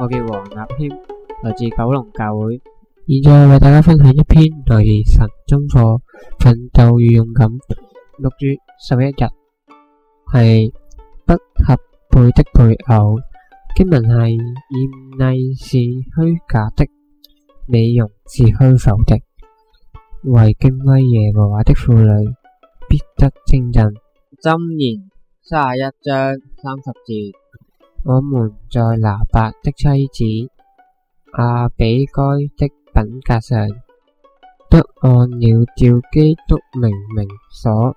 我叫黃立謙，來自九龍教會，現在為大家分享一篇來自神中課《奮鬥與勇敢》。六月十一日係不相合的配偶經文係：艷麗是虛假的，美容是虛浮的。為敬畏耶和華的婦女，必得稱讚。箴言三十一章三十節。我們在拿八的妻子阿比該的品格上，得按了照基督明明所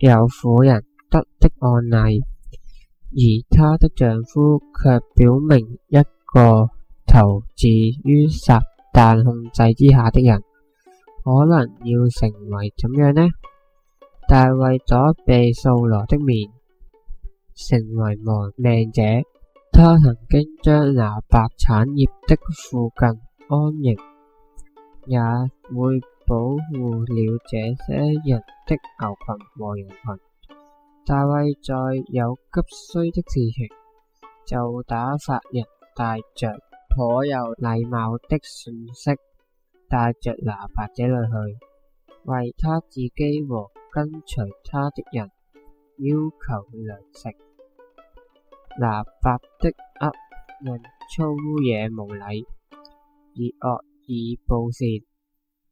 有婦人得的案例，而她的丈夫却表明一個投置於撒旦控制之下的人。可能要成為怎樣呢？大衛躲避掃羅的面，成為亡命者。他曾經將拿八產業的附近安營，也會保護了這些人的牛群和羊群。大衛在有急需的事情，就打發人帶着頗有禮貌的信息。帶着拿伯這裏去，為他自己和跟隨他的人要求糧食。拿伯的呃人粗野無禮，以惡意報善，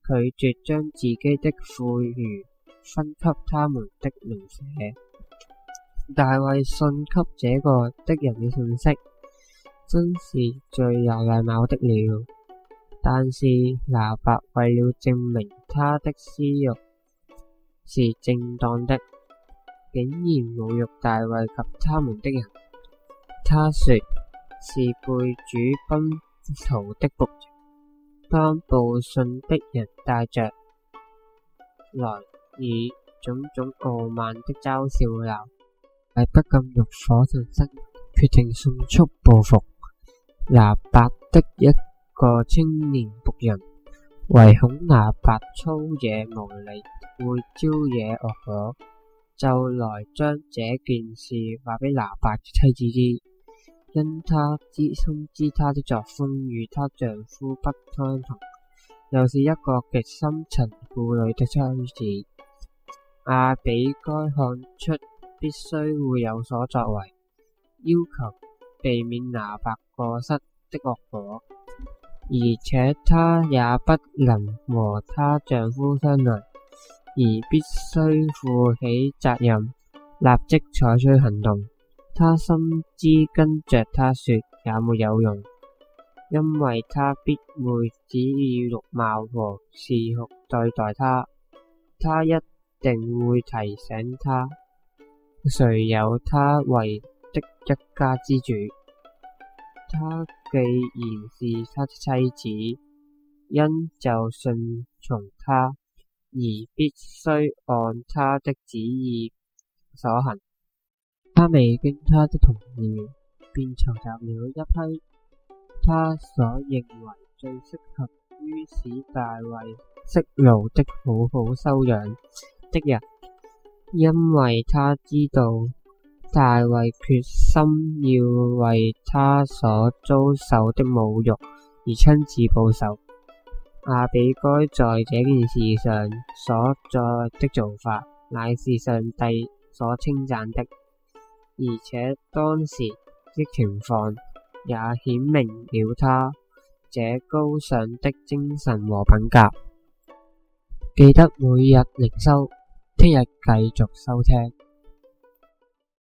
拒絕將自己的富裕分給他們的鄰舍。大衛信給這個的人嘅信息，真是最有禮貌的了。但是拿八為了證明他的私慾是正當的，竟然侮辱大衛及他們的人。他說是背主奔逃的僕人，當報信的人帶着來以種種傲慢的嘲笑，拿系不禁怒火上身，決定迅速報復拿八的一。個青年僕人唯恐拿白粗野無理，會招惹惡果，就來將這件事話畀拿白妻子知。因他知深知他的作風與他丈夫不相同，又是一個極深沉顧慮的妻子，阿比該看出必須會有所作為，要求避免拿白過失的惡果。而且她也不能和她丈夫商量，而必須負起責任，立即採取行動。她深知跟着他說也沒有用，因為他必會只以容貌和嗜好對待她，他一定會提醒他，誰有他為的一家之主。他既然是他的妻子，因就順從他，而必須按他的旨意所行。他未經他的同意，便籌集了一批他所認為最適合於使大衛息怒的好好修養的人，因為他知道。大衛決心要為他所遭受的侮辱而親自報仇。亞比該在這件事上所做的做法，乃是上帝所稱讚的，而且當時的情況也顯明了他這高尚的精神和品格。記得每日靈修，聽日繼續收聽。